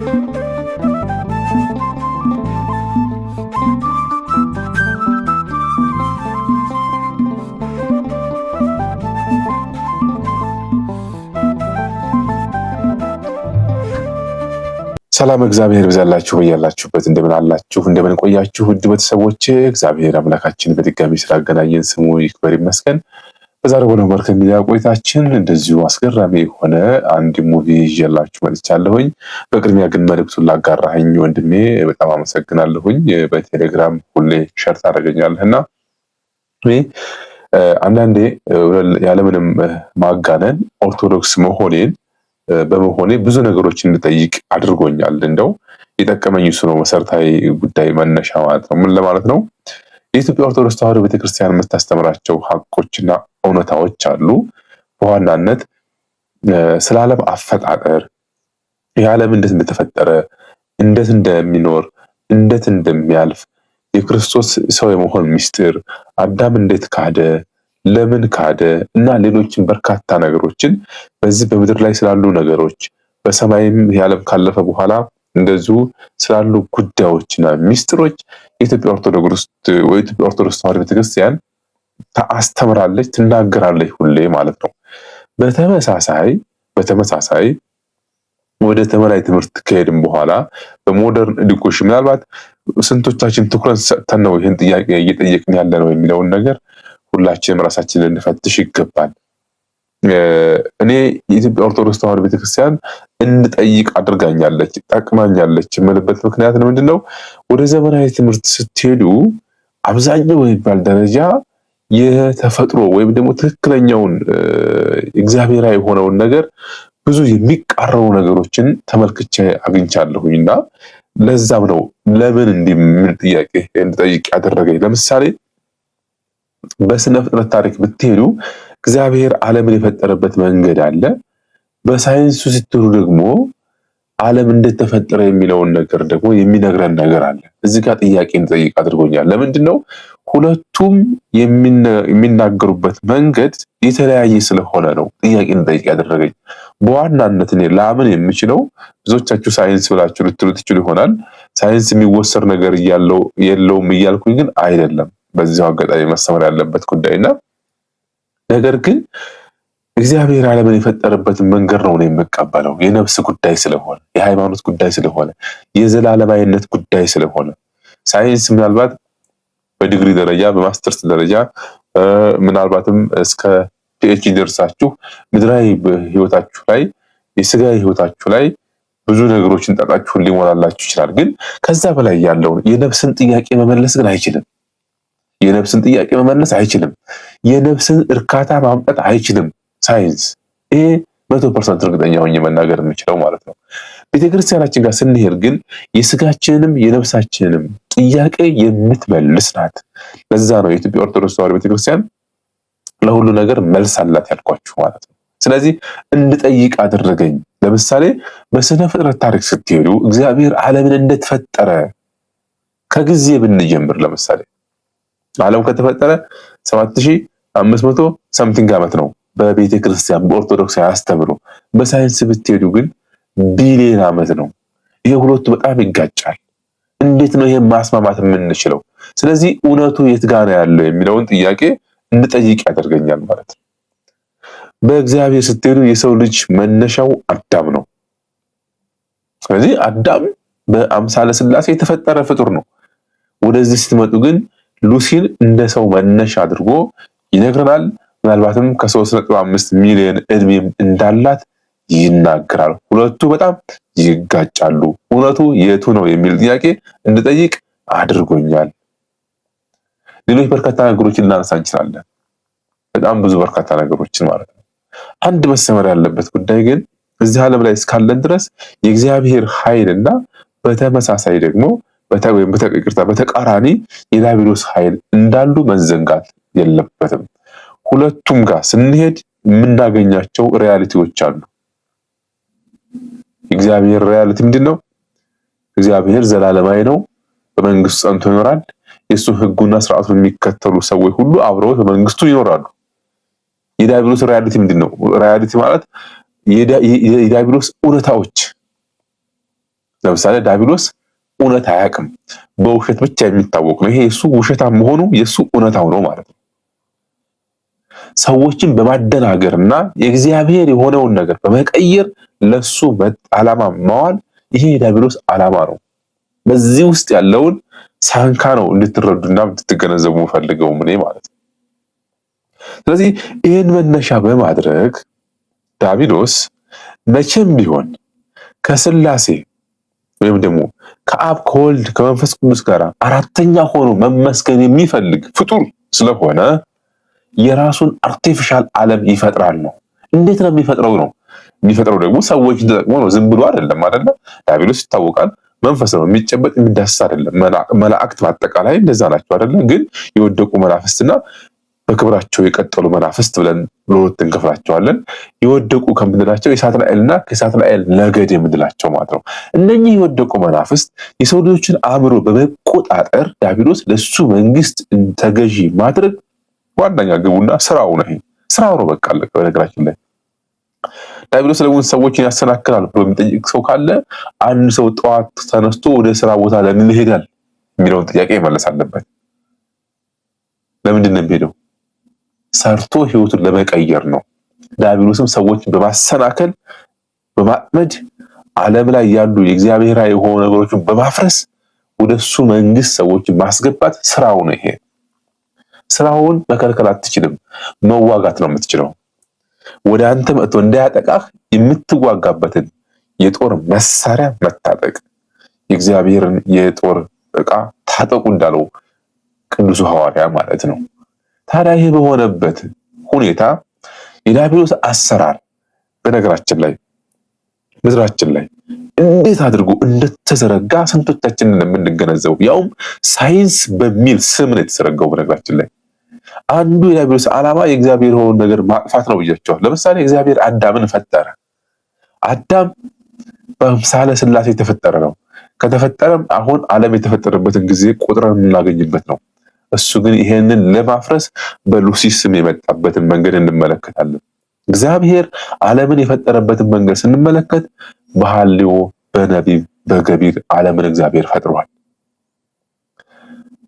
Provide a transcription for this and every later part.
ሰላም እግዚአብሔር ብዛላችሁ በያላችሁበት እንደምን አላችሁ እንደምን ቆያችሁ ውድ ቤተሰቦች እግዚአብሔር አምላካችን በድጋሚ ስላገናኘን ስሙ ይክበር ይመስገን በዛሬው ነበር ከሚዲያ ቆይታችን እንደዚሁ አስገራሚ የሆነ አንድ ሙቪ ይዤላችሁ መጥቻለሁኝ። በቅድሚያ ግን መልእክቱን ላጋራኸኝ ወንድሜ በጣም አመሰግናለሁኝ። በቴሌግራም ሁሌ ሸር ታደርገኛለህ እና አንዳንዴ ያለምንም ማጋነን ኦርቶዶክስ መሆኔን በመሆኔ ብዙ ነገሮች እንድጠይቅ አድርጎኛል። እንደው የጠቀመኝ እሱ ነው። መሰረታዊ ጉዳይ መነሻ ማለት ነው። ምን ለማለት ነው? የኢትዮጵያ ኦርቶዶክስ ተዋሕዶ ቤተክርስቲያን የምታስተምራቸው ሀቆችና እውነታዎች አሉ። በዋናነት ስለ ዓለም አፈጣጠር የዓለም እንዴት እንደተፈጠረ፣ እንዴት እንደሚኖር፣ እንዴት እንደሚያልፍ፣ የክርስቶስ ሰው የመሆን ምስጢር፣ አዳም እንዴት ካደ፣ ለምን ካደ እና ሌሎችን በርካታ ነገሮችን በዚህ በምድር ላይ ስላሉ ነገሮች በሰማይም የዓለም ካለፈ በኋላ እንደዚሁ ስላሉ ጉዳዮችና ሚስጥሮች የኢትዮጵያ ኦርቶዶክስ ተዋሕዶ ቤተክርስቲያን ታስተምራለች፣ ትናገራለች ሁሌ ማለት ነው። በተመሳሳይ በተመሳሳይ ወደ ተመላይ ትምህርት ከሄድን በኋላ በሞደርን ኤዱኬሽን ምናልባት ስንቶቻችን ትኩረት ሰጥተን ነው ይህን ጥያቄ እየጠየቅን ያለ ነው የሚለውን ነገር ሁላችንም ራሳችን ልንፈትሽ ይገባል። እኔ የኢትዮጵያ ኦርቶዶክስ ተዋህዶ ቤተክርስቲያን እንጠይቅ አድርጋኛለች፣ ጠቅማኛለች የምልበት ምክንያት ምንድን ነው? ወደ ዘመናዊ ትምህርት ስትሄዱ አብዛኛው የሚባል ደረጃ የተፈጥሮ ወይም ደግሞ ትክክለኛውን እግዚአብሔራዊ የሆነውን ነገር ብዙ የሚቃረሩ ነገሮችን ተመልክቼ አግኝቻለሁኝ እና ለዛም ነው ለምን እንዲህ የሚል ጥያቄ እንድጠይቅ ያደረገኝ። ለምሳሌ በስነ ፍጥረት ታሪክ ብትሄዱ እግዚአብሔር ዓለምን የፈጠረበት መንገድ አለ። በሳይንሱ ስትሉ ደግሞ ዓለም እንደተፈጠረ የሚለውን ነገር ደግሞ የሚነግረን ነገር አለ። እዚህ ጋር ጥያቄ እንጠይቅ አድርጎኛል። ለምንድን ነው ሁለቱም የሚናገሩበት መንገድ የተለያየ ስለሆነ ነው ጥያቄ እንጠይቅ ያደረገኝ። በዋናነት እኔ ላምን የምችለው ብዙዎቻችሁ ሳይንስ ብላችሁ ልትሉ ትችሉ ይሆናል። ሳይንስ የሚወሰድ ነገር የለውም እያልኩኝ ግን አይደለም። በዚ አጋጣሚ መሰመር ያለበት ጉዳይና ነገር ግን እግዚአብሔር ዓለምን የፈጠረበትን መንገድ ነው የምቀበለው። የነፍስ ጉዳይ ስለሆነ፣ የሃይማኖት ጉዳይ ስለሆነ፣ የዘላለማዊነት ጉዳይ ስለሆነ ሳይንስ ምናልባት በዲግሪ ደረጃ በማስተርስ ደረጃ ምናልባትም እስከ ፒኤችዲ ደርሳችሁ ምድራዊ ህይወታችሁ ላይ የስጋ ህይወታችሁ ላይ ብዙ ነገሮችን ጣጣችሁን ሊሞላላችሁ ይችላል። ግን ከዛ በላይ ያለውን የነፍስን ጥያቄ መመለስ ግን አይችልም። የነፍስን ጥያቄ መመለስ አይችልም። የነፍስን እርካታ ማምጣት አይችልም ሳይንስ። ይሄ መቶ ፐርሰንት እርግጠኛ ሆኜ መናገር የምችለው ማለት ነው። ቤተክርስቲያናችን ጋር ስንሄድ ግን የስጋችንንም የነፍሳችንንም ጥያቄ የምትመልስ ናት። ለዛ ነው የኢትዮጵያ ኦርቶዶክስ ተዋህዶ ቤተክርስቲያን ለሁሉ ነገር መልስ አላት ያልኳችሁ ማለት ነው። ስለዚህ እንድጠይቅ አደረገኝ። ለምሳሌ በስነ ፍጥረት ታሪክ ስትሄዱ እግዚአብሔር ዓለምን እንደተፈጠረ ከጊዜ ብንጀምር ለምሳሌ ዓለም ከተፈጠረ 7500 ሰምቲንግ ዓመት ነው በቤተ ክርስቲያን በኦርቶዶክስ አስተምሮ። በሳይንስ ብትሄዱ ግን ቢሊዮን ዓመት ነው። ይሄ ሁለቱ በጣም ይጋጫል። እንዴት ነው ይሄን ማስማማት የምንችለው? ስለዚህ እውነቱ የት ጋር ነው ያለው የሚለውን ጥያቄ እንጠይቅ ያደርገኛል ማለት ነው። በእግዚአብሔር ስትሄዱ የሰው ልጅ መነሻው አዳም ነው። ስለዚህ አዳም በአምሳለ ስላሴ የተፈጠረ ፍጡር ነው። ወደዚህ ስትመጡ ግን ሉሲን እንደ ሰው መነሻ አድርጎ ይነግረናል። ምናልባትም ከ3.5 ሚሊዮን እድሜም እንዳላት ይናገራል። ሁለቱ በጣም ይጋጫሉ። እውነቱ የቱ ነው የሚል ጥያቄ እንድጠይቅ አድርጎኛል። ሌሎች በርካታ ነገሮችን ልናነሳ እንችላለን። በጣም ብዙ በርካታ ነገሮችን ማለት ነው። አንድ መሰመር ያለበት ጉዳይ ግን እዚህ ዓለም ላይ እስካለን ድረስ የእግዚአብሔር ኃይል እና በተመሳሳይ ደግሞ ይቅርታ በተቃራኒ የላቢሎስ ኃይል እንዳሉ መዘንጋት የለበትም። ሁለቱም ጋር ስንሄድ የምናገኛቸው ሪያሊቲዎች አሉ። የእግዚአብሔር ሪያሊቲ ምንድን ነው? እግዚአብሔር ዘላለማዊ ነው። በመንግስቱ ጸንቶ ይኖራል። የእሱን ህጉና ስርዓቱን የሚከተሉ ሰዎች ሁሉ አብረው በመንግስቱ ይኖራሉ። የዲያብሎስ ሪያሊቲ ምንድን ነው? ሪያሊቲ ማለት የዲያብሎስ እውነታዎች። ለምሳሌ ዲያብሎስ እውነት አያውቅም፣ በውሸት ብቻ የሚታወቅ ነው። ይሄ የእሱ ውሸታም መሆኑ የእሱ እውነታው ነው ማለት ነው። ሰዎችን በማደናገር እና የእግዚአብሔር የሆነውን ነገር በመቀየር ለሱ ዓላማ ማዋል ይሄ የዲያብሎስ ዓላማ ነው። በዚህ ውስጥ ያለውን ሳንካ ነው እንድትረዱና እንድትገነዘቡ ፈልገው እኔ ማለት ነው። ስለዚህ ይህን መነሻ በማድረግ ዲያብሎስ መቼም ቢሆን ከስላሴ ወይም ደግሞ ከአብ ከወልድ ከመንፈስ ቅዱስ ጋር አራተኛ ሆኖ መመስገን የሚፈልግ ፍጡር ስለሆነ የራሱን አርቲፊሻል ዓለም ይፈጥራል ነው። እንዴት ነው የሚፈጥረው? ነው የሚፈጥረው ደግሞ ሰዎች ተጠቅሞ ነው። ዝም ብሎ አይደለም አይደለ? ዲያብሎስ ይታወቃል መንፈስ ነው። የሚጨበጥ የሚዳስስ አይደለም። መላእክት በአጠቃላይ እንደዛ ናቸው አይደለ? ግን የወደቁ መናፍስትና በክብራቸው የቀጠሉ መናፍስት ብለን ለሁለት እንከፍላቸዋለን። የወደቁ ከምንላቸው የሳትናኤልና ከሳትናኤል ነገድ የምንላቸው ማለት ነው። እነኚህ የወደቁ መናፍስት የሰው ልጆችን አእምሮ በመቆጣጠር ዲያብሎስ ለሱ መንግስት ተገዢ ማድረግ ዋነኛ ግቡና ስራው ነው። ይሄ ስራው ነው በቃ አለቀ። በነገራችን ላይ ዲያብሎስ ለምን ሰዎችን ያሰናክላል ብሎ የሚጠይቅ ሰው ካለ አንድ ሰው ጠዋት ተነስቶ ወደ ስራ ቦታ ለምን ይሄዳል የሚለውን ጥያቄ መለስ አለበት። ለምንድን ነው የሚሄደው? ሰርቶ ህይወቱን ለመቀየር ነው። ዲያብሎስም ሰዎችን በማሰናከል በማጥመድ ዓለም ላይ ያሉ የእግዚአብሔራዊ የሆኑ ነገሮችን በማፍረስ ወደሱ መንግስት ሰዎችን ማስገባት ስራው ነው ይሄ። ስራውን መከልከል አትችልም። መዋጋት ነው የምትችለው። ወደ አንተ መጥቶ እንዳያጠቃህ የምትዋጋበትን የጦር መሳሪያ መታጠቅ የእግዚአብሔርን የጦር እቃ ታጠቁ እንዳለው ቅዱሱ ሐዋርያ ማለት ነው። ታዲያ ይህ በሆነበት ሁኔታ የዲያብሎስ አሰራር በነገራችን ላይ ምድራችን ላይ እንዴት አድርጎ እንደተዘረጋ ስንቶቻችንን የምንገነዘቡ ያውም ሳይንስ በሚል ስም ነው የተዘረጋው። በነገራችን ላይ አንዱ የዲያብሎስ ዓላማ የእግዚአብሔር የሆኑ ነገር ማጥፋት ነው ብያቸዋል። ለምሳሌ እግዚአብሔር አዳምን ፈጠረ። አዳም በምሳለ ስላሴ የተፈጠረ ነው። ከተፈጠረም አሁን ዓለም የተፈጠረበትን ጊዜ ቁጥረን የምናገኝበት ነው። እሱ ግን ይሄንን ለማፍረስ በሉሲፍ ስም የመጣበትን መንገድ እንመለከታለን። እግዚአብሔር ዓለምን የፈጠረበትን መንገድ ስንመለከት በሐልዮ በነቢብ በገቢር ዓለምን እግዚአብሔር ፈጥሯል።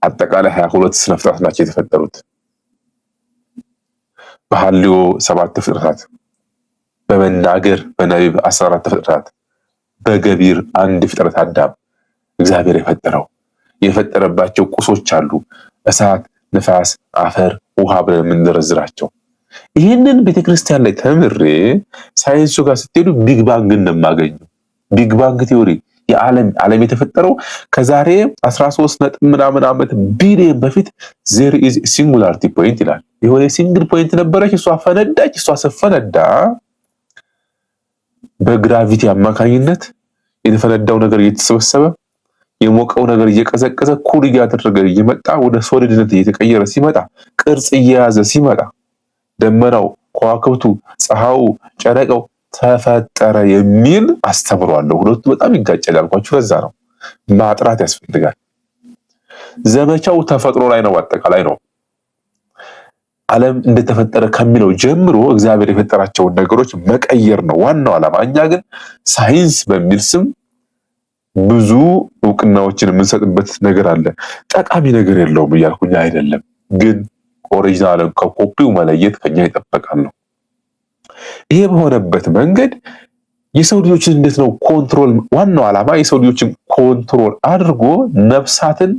አጠቃላይ ሀያ ሁለት ስነ ናቸው የተፈጠሩት። በሃልዮ ሰባት ፍጥረታት በመናገር በነቢብ አስራ አራት ፍጥረታት በገቢር አንድ ፍጥረት አዳም እግዚአብሔር የፈጠረው የፈጠረባቸው ቁሶች አሉ። እሳት፣ ንፋስ፣ አፈር፣ ውሃ ብለን የምንዘረዝራቸው ይህንን ቤተክርስቲያን ላይ ተምሬ ሳይንሱ ጋር ስትሄዱ ቢግባንግን እንደማገኙ ቢግባንግ ቴዎሪ የዓለም ዓለም የተፈጠረው ከዛሬ 13 ነጥብ ምናምን ዓመት ቢሊየን በፊት ዜር ኢዝ ሲንጉላሪቲ ፖይንት ይላል። የሆነ ሲንግል ፖይንት ነበረች፣ እሷ ፈነዳች። እሷ ስፈነዳ በግራቪቲ አማካኝነት የተፈነዳው ነገር እየተሰበሰበ የሞቀው ነገር እየቀዘቀዘ ኩል እያደረገ እየመጣ ወደ ሶሊድነት እየተቀየረ ሲመጣ ቅርጽ እየያዘ ሲመጣ ደመናው፣ ከዋክብቱ፣ ፀሐው፣ ጨረቀው ተፈጠረ የሚል አስተምሮ አለው። ሁለቱ በጣም ይጋጫል ያልኳችሁ ከዛ ነው። ማጥራት ያስፈልጋል። ዘመቻው ተፈጥሮ ላይ ነው፣ አጠቃላይ ነው። ዓለም እንደተፈጠረ ከሚለው ጀምሮ እግዚአብሔር የፈጠራቸውን ነገሮች መቀየር ነው ዋናው ዓላማ። እኛ ግን ሳይንስ በሚል ስም ብዙ እውቅናዎችን የምንሰጥበት ነገር አለ። ጠቃሚ ነገር የለውም እያልኩኝ አይደለም፣ ግን ኦሪጂናልን ከኮፒው መለየት ከኛ ይጠበቃል ነው። ይሄ በሆነበት መንገድ የሰው ልጆችን እንዴት ነው ኮንትሮል? ዋናው ዓላማ የሰው ልጆችን ኮንትሮል አድርጎ ነፍሳትን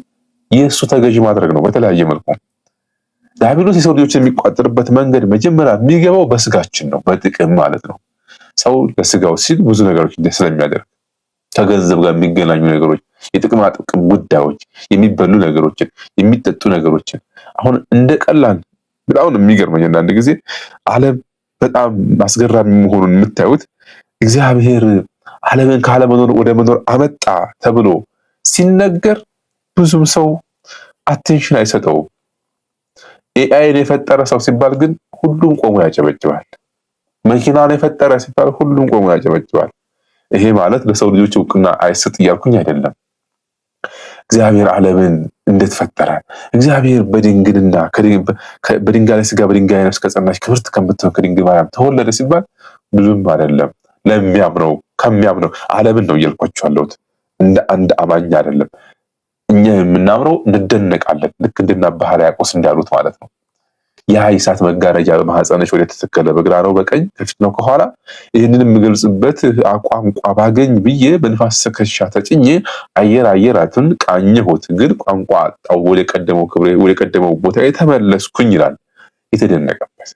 የእሱ ተገዥ ማድረግ ነው። በተለያየ መልኩ ዲያብሎስ የሰው ልጆችን የሚቋጠርበት መንገድ መጀመሪያ የሚገባው በስጋችን ነው፣ በጥቅም ማለት ነው። ሰው ለስጋው ሲል ብዙ ነገሮች ስለሚያደርግ ከገንዘብ ጋር የሚገናኙ ነገሮች፣ የጥቅማ ጥቅም ጉዳዮች፣ የሚበሉ ነገሮችን፣ የሚጠጡ ነገሮችን አሁን እንደ ቀላል በጣም የሚገርመኝ አንዳንድ ጊዜ ዓለም በጣም አስገራሚ መሆኑን የምታዩት እግዚአብሔር ዓለምን ካለመኖር ወደ መኖር አመጣ ተብሎ ሲነገር ብዙም ሰው አቴንሽን አይሰጠውም። ኤአይን የፈጠረ ሰው ሲባል ግን ሁሉም ቆሞ ያጨበጭባል። መኪናን የፈጠረ ሲባል ሁሉም ቆሞ ያጨበጭባል። ይሄ ማለት ለሰው ልጆች እውቅና አይሰጥ እያልኩኝ አይደለም። እግዚአብሔር ዓለምን እንደተፈጠረ እግዚአብሔር በድንግልና በድንጋይ ስጋ በድንጋይ ነፍስ ከጸናች ክብርት ከምትሆን ከድንግል ማርያም ተወለደ ሲባል ብዙም አይደለም። ለሚያምነው ከሚያምነው ዓለምን ነው እያልኳቸው አለሁት። እንደ አንድ አማኝ አይደለም እኛ የምናምረው እንደነቃለን። ልክ እንደነ አባ ሕርያቆስ እንዳሉት ማለት ነው። የሀይ እሳት መጋረጃ በማህፀንሽ ወደ ተተከለ በግራ ነው በቀኝ ከፊት ነው ከኋላ ይህንን የምገልጽበት ቋንቋ ባገኝ ብዬ በንፋስ ሰከሻ ተጭኜ አየር አየራትን ቃኘሁት፣ ግን ቋንቋ አጣው ወደ ቀደመው ክብሬ ወደ ቀደመው ቦታ የተመለስኩኝ ይላል የተደነቀበት።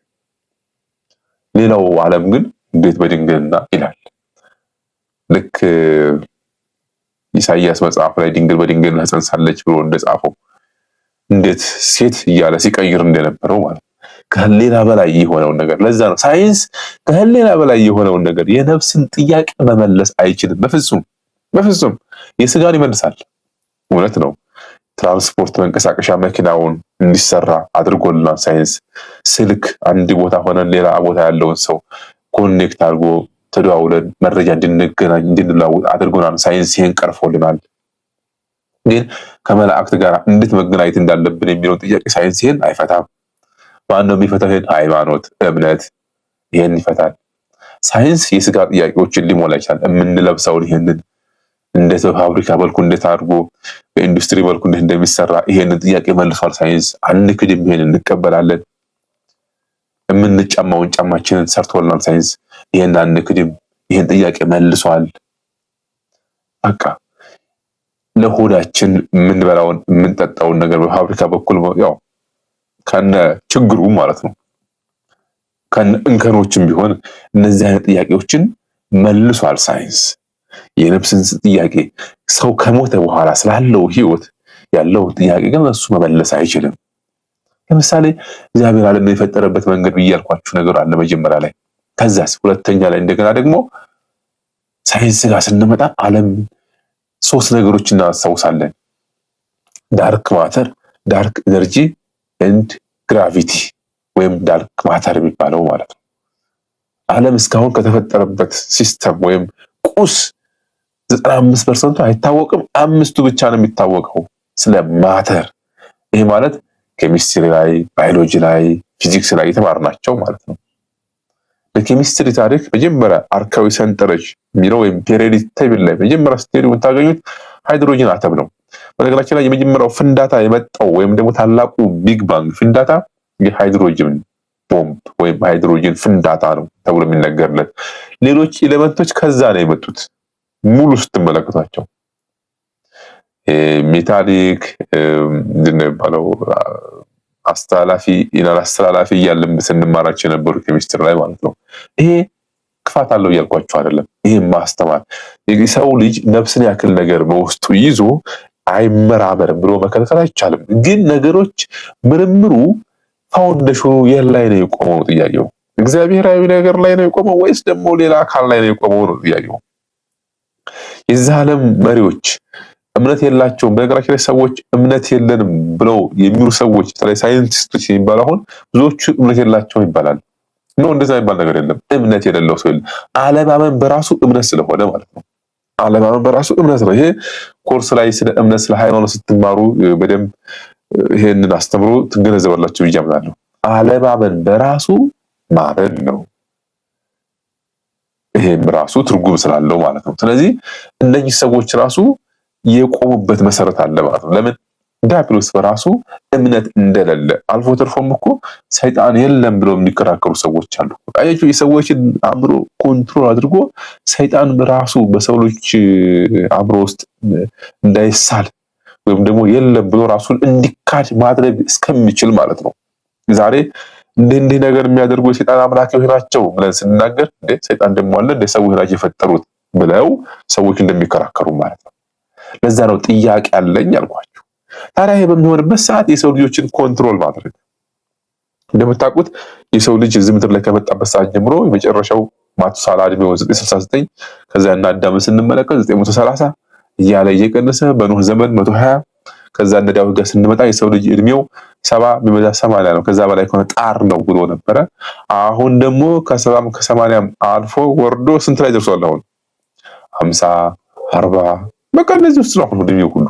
ሌላው ዓለም ግን እንዴት በድንግልና ይላል። ልክ ኢሳያስ መጽሐፍ ላይ ድንግል በድንግልና ጸንሳለች ብሎ እንደጻፈው እንዴት ሴት እያለ ሲቀይር እንደነበረው ማለት ነው። ከሌላ በላይ የሆነውን ነገር ለዛ ነው ሳይንስ ከህሌና በላይ የሆነውን ነገር የነፍስን ጥያቄ መመለስ አይችልም። በፍጹም በፍጹም። የስጋን ይመልሳል። እውነት ነው። ትራንስፖርት መንቀሳቀሻ መኪናውን እንዲሰራ አድርጎልናል ሳይንስ። ስልክ አንድ ቦታ ሆነን ሌላ ቦታ ያለውን ሰው ኮኔክት አድርጎ ተደዋውለን መረጃ እንድንገናኝ እንድንለዋወጥ አድርጎናል ሳይንስ። ይህን ቀርፎልናል። ግን ከመላእክት ጋር እንዴት መገናኘት እንዳለብን የሚለውን ጥያቄ ሳይንስ ይህን አይፈታም። በአንዱ የሚፈታው ይሄን ሃይማኖት፣ እምነት ይሄን ይፈታል። ሳይንስ የስጋ ጥያቄዎችን ሊሞላ ይችላል። የምንለብሰውን ይሄንን እንዴት በፋብሪካ መልኩ እንዴት አድርጎ በኢንዱስትሪ መልኩ እንዴት እንደሚሰራ ይሄንን ጥያቄ መልሷል ሳይንስ። አንድ ክድም ይሄን እንቀበላለን። የምንጫማውን ጫማችንን ሰርቶልናል ሳይንስ። ይሄን ክድም ይሄን ጥያቄ መልሷል። በቃ ለሆዳችን የምንበላውን የምንጠጣውን ነገር በፋብሪካ በኩል ያው ከነ ችግሩ ማለት ነው ከነ እንከኖችም ቢሆን እነዚህ አይነት ጥያቄዎችን መልሷል ሳይንስ። የነፍስን ጥያቄ ሰው ከሞተ በኋላ ስላለው ህይወት ያለውን ጥያቄ ግን እሱ መመለስ አይችልም። ለምሳሌ እግዚአብሔር ዓለምን የፈጠረበት መንገድ ብዬ ነገር አለ መጀመሪያ ላይ። ከዛ ሁለተኛ ላይ እንደገና ደግሞ ሳይንስ ጋር ስንመጣ ዓለም ሶስት ነገሮች እናስታውሳለን፣ ዳርክ ማተር፣ ዳርክ ኤነርጂ እንድ ግራቪቲ ወይም ዳርክ ማተር የሚባለው ማለት ነው። ዓለም እስካሁን ከተፈጠረበት ሲስተም ወይም ቁስ ዘጠና አምስት ፐርሰንቱ አይታወቅም። አምስቱ ብቻ ነው የሚታወቀው ስለ ማተር። ይህ ማለት ኬሚስትሪ ላይ፣ ባዮሎጂ ላይ፣ ፊዚክስ ላይ የተማርናቸው ማለት ነው። በኬሚስትሪ ታሪክ መጀመሪያ አርካዊ ሰንጠረዥ የሚለው ወይም ፔሪዮዲክ ቴብል ላይ መጀመሪያ ስትሄዱ የምታገኙት ሃይድሮጂን አተም ነው። በነገራችን ላይ የመጀመሪያው ፍንዳታ የመጣው ወይም ደግሞ ታላቁ ቢግ ባንግ ፍንዳታ የሃይድሮጅን ቦምብ ወይም ሃይድሮጅን ፍንዳታ ነው ተብሎ የሚነገርለት። ሌሎች ኤሌመንቶች ከዛ ነው የመጡት ሙሉ ስትመለከቷቸው ሜታሊክ ምንድን የሚባለው አስተላላፊ ኢናል አስተላላፊ እያለም ስንማራቸው የነበሩ ኬሚስትር ላይ ማለት ነው። ይሄ ክፋት አለው እያልኳቸው አይደለም። ይሄ ማስተማር የሰው ልጅ ነፍስን ያክል ነገር በውስጡ ይዞ አይመራመርም ብሎ መከልከል አይቻልም። ግን ነገሮች ምርምሩ ፋውንዴሽኑ የት ላይ ነው የቆመው ነው ጥያቄው። እግዚአብሔራዊ ነገር ላይ ነው የቆመው ወይስ ደግሞ ሌላ አካል ላይ ነው የቆመው ነው ጥያቄው። የዚህ ዓለም መሪዎች እምነት የላቸውም። በነገራችን ላይ ሰዎች እምነት የለንም ብለው የሚሉ ሰዎች በተለይ ሳይንቲስቶች የሚባል አሁን ብዙዎቹ እምነት የላቸውም ይባላል። እንደዛ የሚባል ነገር የለም። እምነት የሌለው ሰው የለም። አለማመን በራሱ እምነት ስለሆነ ማለት ነው። አለማመን በራሱ እምነት ነው። ይሄ ኮርስ ላይ ስለ እምነት ስለ ሃይማኖት ስትማሩ በደንብ ይሄንን አስተምሮ ትገነዘባላችሁ ብዬ አምናለሁ። አለማመን በራሱ ማመን ነው። ይሄም ራሱ ትርጉም ስላለው ማለት ነው። ስለዚህ እነኚህ ሰዎች ራሱ የቆሙበት መሰረት አለ ማለት ነው። ለምን ዲያብሎስ በራሱ እምነት እንደሌለ አልፎ ተርፎም እኮ ሰይጣን የለም ብለው የሚከራከሩ ሰዎች አሉ። አያችሁ፣ የሰዎችን አእምሮ ኮንትሮል አድርጎ ሰይጣን በራሱ በሰው ልጅ አእምሮ ውስጥ እንዳይሳል ወይም ደግሞ የለም ብሎ ራሱን እንዲካድ ማድረግ እስከሚችል ማለት ነው። ዛሬ እንዲህ እንዲህ ነገር የሚያደርጉ የሰይጣን አምላኪዎች ናቸው ብለን ስንናገር ሰይጣን ደግሞ አለ እንደ ሰዎች ናቸው የፈጠሩት ብለው ሰዎች እንደሚከራከሩ ማለት ነው። ለዛ ነው ጥያቄ አለኝ አልኳቸው። ታዲያ ይሄ በሚሆንበት ሰዓት የሰው ልጆችን ኮንትሮል ማድረግ እንደምታውቁት የሰው ልጅ እዚህ ምድር ላይ ከመጣበት ሰዓት ጀምሮ የመጨረሻው ማቱሳላ ዕድሜው 969 ከዚያ እና አዳም ስንመለከት 930 እያለ እየቀነሰ በኖህ ዘመን 120 ከዛ እነ ዳዊት ጋር ስንመጣ የሰው ልጅ እድሜው ሰባ ቢበዛ ሰማንያ ነው። ከዛ በላይ ከሆነ ጣር ነው ብሎ ነበረ። አሁን ደግሞ ከሰባም ከሰማንያም አልፎ ወርዶ ስንት ላይ ደርሷል? አሁን ሀምሳ አርባ በቃ እነዚህ ውስጥ ነው አሁን እድሜው ሁሉ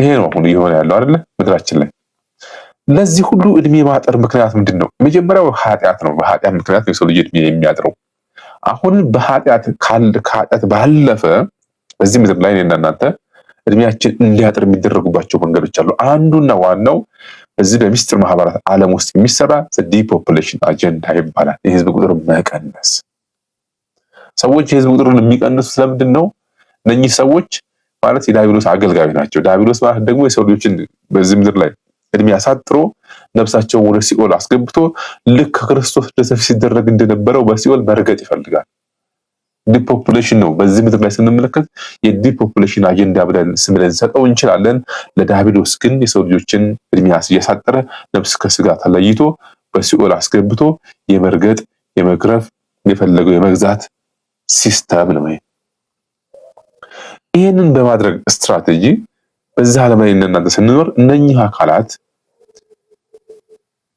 ይሄ ነው አሁን እየሆነ ያለው አይደለ ምድራችን ላይ። ለዚህ ሁሉ እድሜ ማጠር ምክንያት ምንድን ነው? የመጀመሪያው ኃጢአት ነው። በኃጢአት ምክንያት የሰው ልጅ እድሜ የሚያጥረው አሁን በኃጢአት ከኃጢአት ባለፈ በዚህ ምድር ላይ እኔና እናንተ እድሜያችን እንዲያጥር የሚደረጉባቸው መንገዶች አሉ። አንዱና ዋናው በዚህ በሚስጥር ማህበራት ዓለም ውስጥ የሚሰራ ዲፖፕሌሽን አጀንዳ ይባላል። የህዝብ ቁጥር መቀነስ። ሰዎች የህዝብ ቁጥሩን የሚቀንሱ ስለምንድን ነው? እነኚህ ሰዎች ማለት የዳቢሎስ አገልጋዮች ናቸው። ዳቢሎስ ማለት ደግሞ የሰው ልጆችን በዚህ ምድር ላይ እድሜ አሳጥሮ ነፍሳቸውን ወደ ሲኦል አስገብቶ ልክ ከክርስቶስ ደሰፍ ሲደረግ እንደነበረው በሲኦል መርገጥ ይፈልጋል። ዲፖፕሌሽን ነው። በዚህ ምድር ላይ ስንመለከት የዲፖፕሌሽን አጀንዳ ብለን ስም ልንሰጠው እንችላለን። ለዳቢሎስ ግን የሰው ልጆችን እድሜ እያሳጠረ ነፍስ ከስጋ ተለይቶ በሲኦል አስገብቶ የመርገጥ የመግረፍ የፈለገው የመግዛት ሲስተም ነው። ይህንን በማድረግ ስትራቴጂ በዛ ዓለም ላይ እናንተ ስንኖር እነኚህ አካላት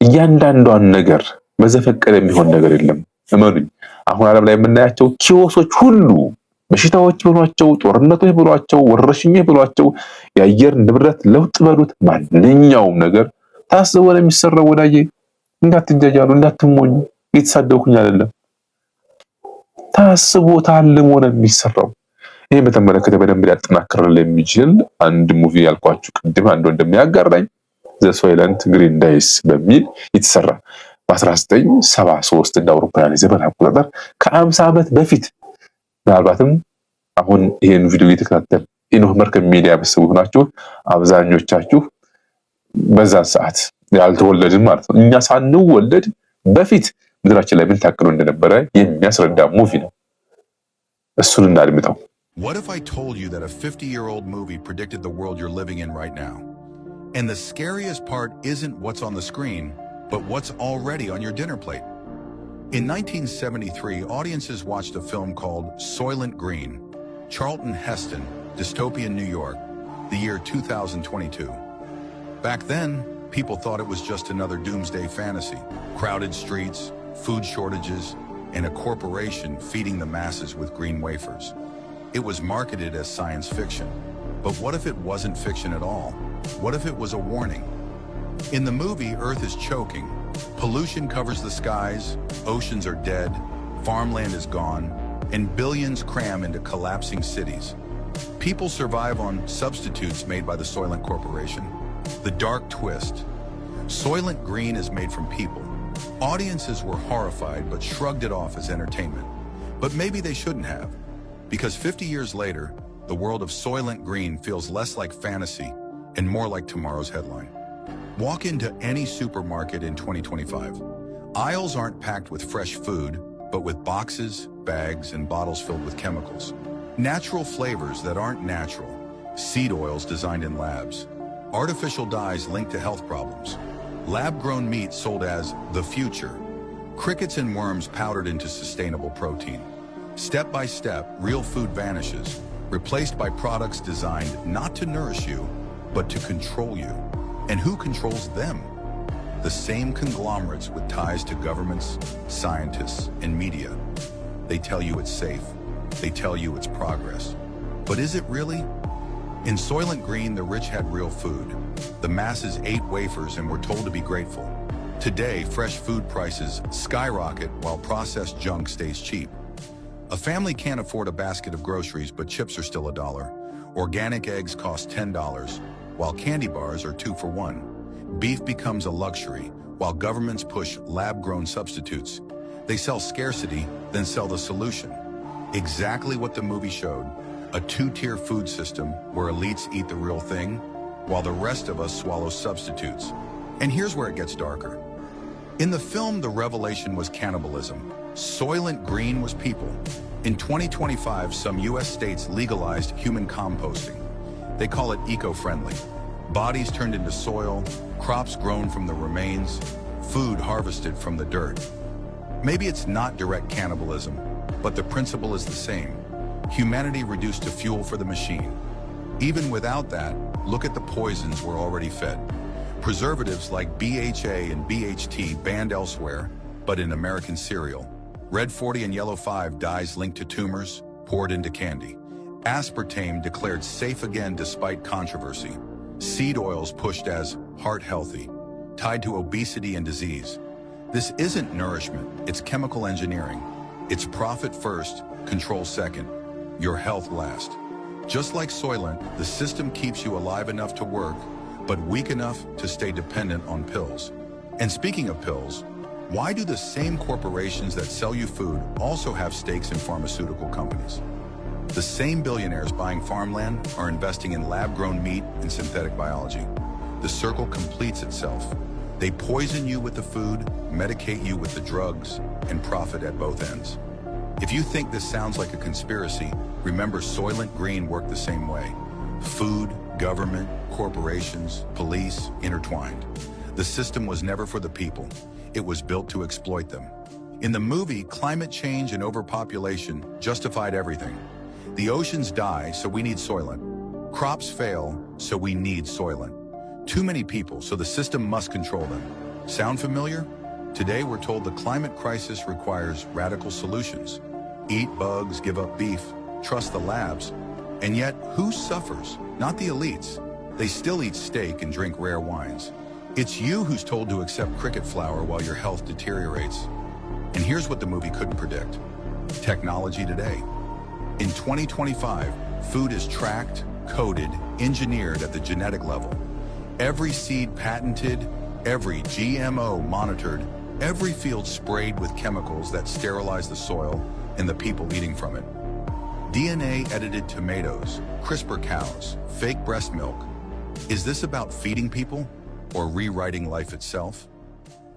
እያንዳንዷን ነገር በዘፈቀደ የሚሆን ነገር የለም። እመኑኝ፣ አሁን ዓለም ላይ የምናያቸው ኪዮሶች ሁሉ በሽታዎች ብሏቸው፣ ጦርነቶች ብሏቸው፣ ወረርሽኞች ብሏቸው፣ የአየር ንብረት ለውጥ በሉት ማንኛውም ነገር ታስቦ ነው የሚሰራው። ወዳጄ እንዳትጃጃሉ፣ እንዳትሞኙ። እየተሳደብኩኝ አይደለም፣ ታስቦ ታልሞ ነው የሚሰራው። ይህን በተመለከተ በደንብ ሊያጠናክርል የሚችል አንድ ሙቪ ያልኳችሁ ቅድም አንድ ወንድም ያጋራኝ ዘ ሶይለንት ግሪን ዳይስ በሚል የተሰራ በ1973 እንደ አውሮፓውያን የዘመን አቆጣጠር ከአምሳ ዓመት በፊት ምናልባትም አሁን ይህን ቪዲዮ እየተከታተል ኢኖህ መርከብ ሚዲያ ቤተሰቡ ናችሁ አብዛኞቻችሁ በዛን ሰዓት ያልተወለድን ማለት ነው። እኛ ሳንወለድ በፊት ምድራችን ላይ ምን ታቅዶ እንደነበረ የሚያስረዳ ሙቪ ነው። እሱን እናድምጠው። What if I told you that a 50-year-old movie predicted the world you're living in right now? And the scariest part isn't what's on the screen, but what's already on your dinner plate. In 1973, audiences watched a film called Soylent Green, Charlton Heston, dystopian New York, the year 2022. Back then, people thought it was just another doomsday fantasy, crowded streets, food shortages, and a corporation feeding the masses with green wafers. It was marketed as science fiction. But what if it wasn't fiction at all? What if it was a warning? In the movie, Earth is choking. Pollution covers the skies, oceans are dead, farmland is gone, and billions cram into collapsing cities. People survive on substitutes made by the Soylent Corporation. The dark twist. Soylent Green is made from people. Audiences were horrified but shrugged it off as entertainment. But maybe they shouldn't have. Because 50 years later, the world of Soylent Green feels less like fantasy and more like tomorrow's headline. Walk into any supermarket in 2025. Aisles aren't packed with fresh food, but with boxes, bags, and bottles filled with chemicals. Natural flavors that aren't natural. Seed oils designed in labs. Artificial dyes linked to health problems. Lab-grown meat sold as the future. Crickets and worms powdered into sustainable protein. Step by step, real food vanishes, replaced by products designed not to nourish you, but to control you. And who controls them? The same conglomerates with ties to governments, scientists, and media. They tell you it's safe. They tell you it's progress. But is it really? In Soylent Green, the rich had real food. The masses ate wafers and were told to be grateful. Today, fresh food prices skyrocket while processed junk stays cheap. A family can't afford a basket of groceries, but chips are still a dollar. Organic eggs cost $10, while candy bars are two for one. Beef becomes a luxury, while governments push lab-grown substitutes. They sell scarcity, then sell the solution. Exactly what the movie showed, a two-tier food system where elites eat the real thing, while the rest of us swallow substitutes. And here's where it gets darker. In the film, the revelation was cannibalism. Soylent Green was people. In 2025, some U.S. states legalized human composting. They call it eco-friendly. Bodies turned into soil, crops grown from the remains, food harvested from the dirt. Maybe it's not direct cannibalism, but the principle is the same. Humanity reduced to fuel for the machine. Even without that, look at the poisons we're already fed. Preservatives like BHA and BHT banned elsewhere, but in American cereal. Red 40 and Yellow 5 dyes linked to tumors, poured into candy. Aspartame declared safe again despite controversy. Seed oils pushed as heart healthy, tied to obesity and disease. This isn't nourishment, it's chemical engineering. It's profit first, control second, your health last. Just like Soylent, the system keeps you alive enough to work, but weak enough to stay dependent on pills. And speaking of pills, why do the same corporations that sell you food also have stakes in pharmaceutical companies? The same billionaires buying farmland are investing in lab-grown meat and synthetic biology. The circle completes itself. They poison you with the food, medicate you with the drugs, and profit at both ends. If you think this sounds like a conspiracy, remember Soylent Green worked the same way. Food, government, corporations, police, intertwined. The system was never for the people. It was built to exploit them. In the movie, climate change and overpopulation justified everything. The oceans die, so we need soylent. Crops fail, so we need soylent. Too many people, so the system must control them. Sound familiar? Today, we're told the climate crisis requires radical solutions. Eat bugs, give up beef, trust the labs. And yet, who suffers? Not the elites. They still eat steak and drink rare wines. It's you who's told to accept cricket flour while your health deteriorates. And here's what the movie couldn't predict. Technology today. In 2025, food is tracked, coded, engineered at the genetic level. Every seed patented, every GMO monitored, every field sprayed with chemicals that sterilize the soil and the people eating from it. DNA-edited tomatoes, CRISPR cows, fake breast milk, is this about feeding people or rewriting life itself?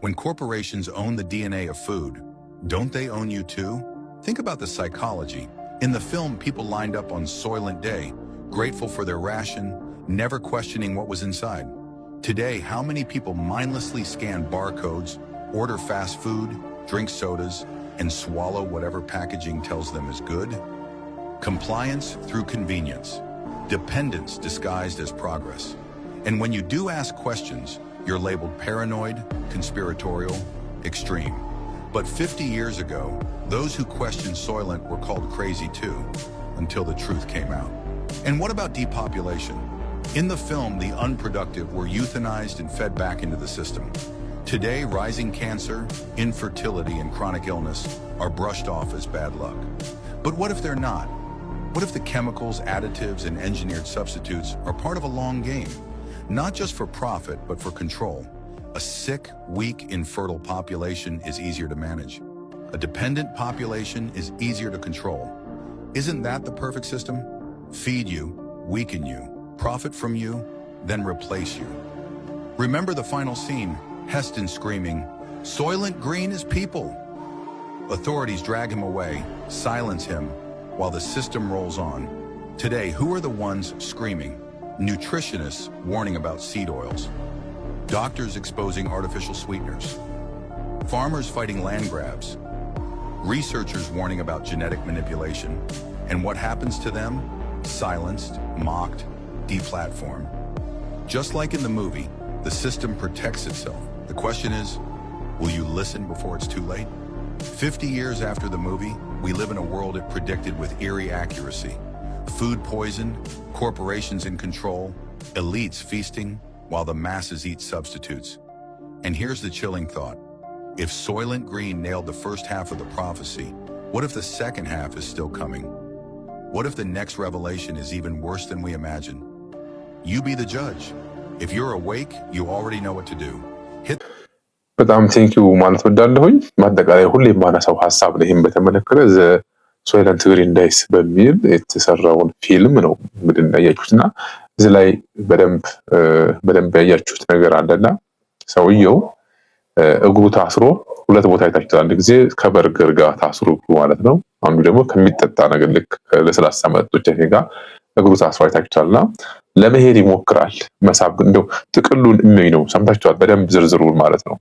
When corporations own the DNA of food, don't they own you too? Think about the psychology. In the film, people lined up on Soylent Day, grateful for their ration, never questioning what was inside. Today, how many people mindlessly scan barcodes, order fast food, drink sodas, and swallow whatever packaging tells them is good? Compliance through convenience dependence disguised as progress. And when you do ask questions, you're labeled paranoid, conspiratorial, extreme. But 50 years ago, those who questioned Soylent were called crazy too, until the truth came out. And what about depopulation? In the film, the unproductive were euthanized and fed back into the system. Today, rising cancer, infertility, and chronic illness are brushed off as bad luck. But what if they're not? What if the chemicals, additives, and engineered substitutes are part of a long game? Not just for profit, but for control. A sick, weak, infertile population is easier to manage. A dependent population is easier to control. Isn't that the perfect system? Feed you, weaken you, profit from you, then replace you. Remember the final scene, Heston screaming, Soylent Green is people. Authorities drag him away, silence him, while the system rolls on. Today, who are the ones screaming? Nutritionists warning about seed oils. Doctors exposing artificial sweeteners. Farmers fighting land grabs. Researchers warning about genetic manipulation. And what happens to them? Silenced, mocked, deplatformed. Just like in the movie, the system protects itself. The question is, will you listen before it's too late? 50 years after the movie, we live in a world it predicted with eerie accuracy. Food poison, corporations in control, elites feasting, while the masses eat substitutes. And here's the chilling thought. If Soylent Green nailed the first half of the prophecy, what if the second half is still coming? What if the next revelation is even worse than we imagine? You be the judge. If you're awake, you already know what to do. Hit... በጣም ቴንኪዩ ማለት ወዳለሁኝ። ማጠቃላይ ሁሌ የማነሳው ሀሳብ ነው። ይህም በተመለከተ ሶይለንት ግሪን ዳይስ በሚል የተሰራውን ፊልም ነው እንግዲህ እንዳያችሁት እና እዚህ ላይ በደንብ ያያችሁት ነገር አለና ሰውየው እግሩ ታስሮ ሁለት ቦታ አይታችሁት፣ አንድ ጊዜ ከበርገር ጋር ታስሮ እግሩ ማለት ነው። አንዱ ደግሞ ከሚጠጣ ነገር ልክ ለስላሳ መጠጦች ጋር እግሩ ታስሮ አይታችሁታል። እና ለመሄድ ይሞክራል መሳብ እንደው ጥቅሉን እመኝ ነው ሰምታችኋል። በደንብ ዝርዝሩን ማለት ነው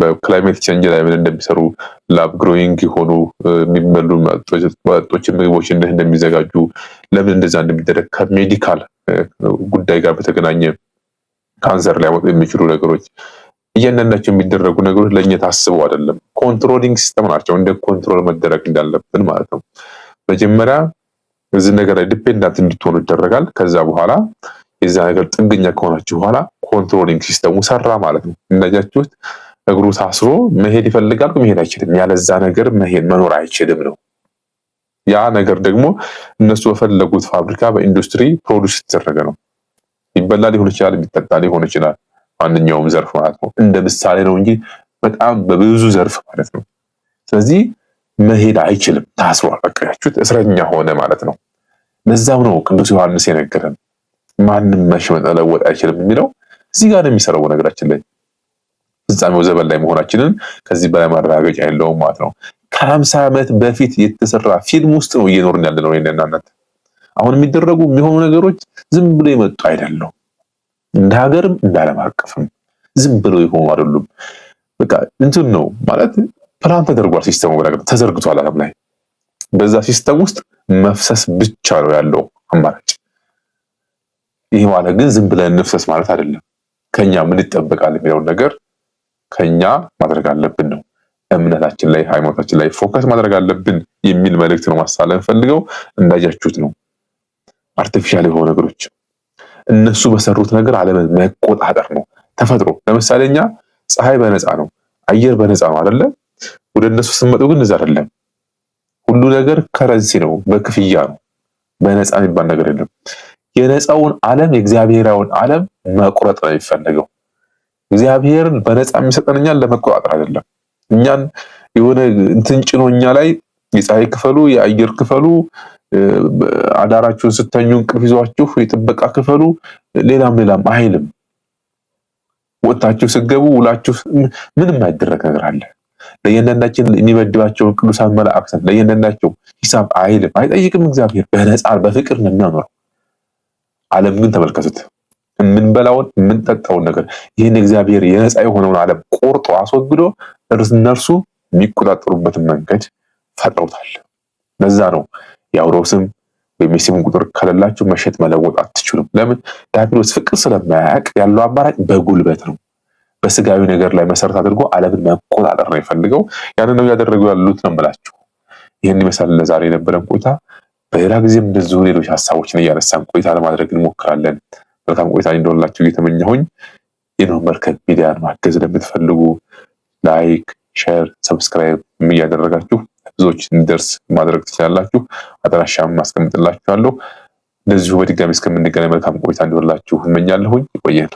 በክላይሜት ቼንጅ ላይ ምን እንደሚሰሩ ላብ ግሮይንግ የሆኑ የሚመሉ መጠጦች ምግቦች እንዴት እንደሚዘጋጁ ለምን እንደዛ እንደሚደረግ ከሜዲካል ጉዳይ ጋር በተገናኘ ካንሰር ሊያመጡ የሚችሉ ነገሮች እያንዳንዳቸው የሚደረጉ ነገሮች ለእኛ ታስበው አይደለም። ኮንትሮሊንግ ሲስተም ናቸው። እንደ ኮንትሮል መደረግ እንዳለብን ማለት ነው። መጀመሪያ እዚህ ነገር ላይ ዲፔንዳንት እንድትሆኑ ይደረጋል። ከዛ በኋላ የዛ ነገር ጥገኛ ከሆናችሁ በኋላ ኮንትሮሊንግ ሲስተሙ ሰራ ማለት ነው። እንዳጃችሁት እግሩ ታስሮ መሄድ ይፈልጋል፣ መሄድ አይችልም። ያለዛ ነገር መኖር አይችልም ነው። ያ ነገር ደግሞ እነሱ በፈለጉት ፋብሪካ በኢንዱስትሪ ፕሮዲስ የተደረገ ነው። ይበላ ሊሆን ይችላል፣ የሚጠጣ ሊሆን ይችላል። ማንኛውም ዘርፍ ማለት ነው። እንደ ምሳሌ ነው እንጂ በጣም በብዙ ዘርፍ ማለት ነው። ስለዚህ መሄድ አይችልም፣ ታስሯል። በቃ እስረኛ ሆነ ማለት ነው። ለዛም ነው ቅዱስ ዮሐንስ የነገረን ማንም መሽመጥ መለወጥ አይችልም የሚለው እዚህ ጋር ነው የሚሰራው ነገራችን ላይ ፍጻሜው ዘመን ላይ መሆናችንን ከዚህ በላይ ማረጋገጫ የለውም ማለት ነው። ከሀምሳ ዓመት በፊት የተሰራ ፊልም ውስጥ ነው እየኖርን ያለ ነው። ይነናነት አሁን የሚደረጉ የሚሆኑ ነገሮች ዝም ብሎ የመጡ አይደለም። እንደ ሀገርም እንደ ዓለም አቀፍም ዝም ብሎ የሆኑ አይደሉም። በቃ እንትን ነው ማለት ፕላን ተደርጓል። ሲስተሙ በረቀ ተዘርግቷል። ዓለም ላይ በዛ ሲስተም ውስጥ መፍሰስ ብቻ ነው ያለው አማራጭ። ይህ ማለት ግን ዝም ብለን እንፍሰስ ማለት አይደለም። ከኛ ምን ይጠበቃል የሚለውን ነገር ከኛ ማድረግ አለብን ነው። እምነታችን ላይ ሃይማኖታችን ላይ ፎከስ ማድረግ አለብን የሚል መልእክት ነው ማሳለም ፈልገው። እንዳያችሁት ነው አርቲፊሻል የሆኑ ነገሮች እነሱ በሰሩት ነገር አለ መቆጣጠር ነው። ተፈጥሮ ለምሳሌ እኛ ፀሐይ በነፃ ነው፣ አየር በነፃ ነው አይደለ? ወደ እነሱ ስትመጡ ግን እዛ አይደለም። ሁሉ ነገር ከረንሲ ነው፣ በክፍያ ነው። በነፃ የሚባል ነገር የለም። የነፃውን ዓለም የእግዚአብሔራውን ዓለም መቁረጥ ነው የሚፈልገው። እግዚአብሔርን በነፃ የሚሰጠን እኛን ለመቆጣጠር አይደለም። እኛን የሆነ እንትን ጭኖ እኛ ላይ የፀሐይ ክፈሉ፣ የአየር ክፈሉ፣ አዳራችሁን ስተኙ እንቅልፍ ይዟችሁ የጥበቃ ክፈሉ፣ ሌላም ሌላም አይልም። ወጥታችሁ ስገቡ ውላችሁ ምንም አይደረግ ነገር አለ። ለእያንዳንዳችን የሚመድባቸውን ቅዱሳን መላእክትን ለእያንዳንዳቸው ሂሳብ አይልም፣ አይጠይቅም። እግዚአብሔር በነፃ በፍቅር ነው የሚያኖረው። ዓለም ግን ተመልከቱት የምንበላውን የምንጠጣውን ነገር ይህን እግዚአብሔር የነፃ የሆነውን ዓለም ቆርጦ አስወግዶ እነርሱ የሚቆጣጠሩበትን መንገድ ፈጥረውታል። ለዛ ነው የአውሬው ስም ወይም ቁጥር ከሌላችሁ መሸጥ መለወጥ አትችሉም። ለምን? ዲያብሎስ ፍቅር ስለማያውቅ ያለው አማራጭ በጉልበት ነው። በስጋዊ ነገር ላይ መሰረት አድርጎ ዓለምን መቆጣጠር ነው የፈልገው። ያንን ነው እያደረጉ ያሉት ነው የምላችሁ። ይህን ይመስላል ለዛሬ የነበረን ቆይታ። በሌላ ጊዜም እንደዚሁ ሌሎች ሀሳቦችን እያነሳን ቆይታ ለማድረግ እንሞክራለን። በጣም ቆይታ እንደሆንላችሁ እየተመኘሁኝ የኖህ መርከብ ሚዲያን ማገዝ ለምትፈልጉ ላይክ፣ ሼር፣ ሰብስክራይብ እያደረጋችሁ ብዙዎች እንዲደርስ ማድረግ ትችላላችሁ። አድራሻም ማስቀምጥላችኋለሁ። እንደዚሁ በድጋሚ እስከምንገናኝ መልካም ቆይታ እንዲሆንላችሁ እመኛለሁኝ። ይቆየን።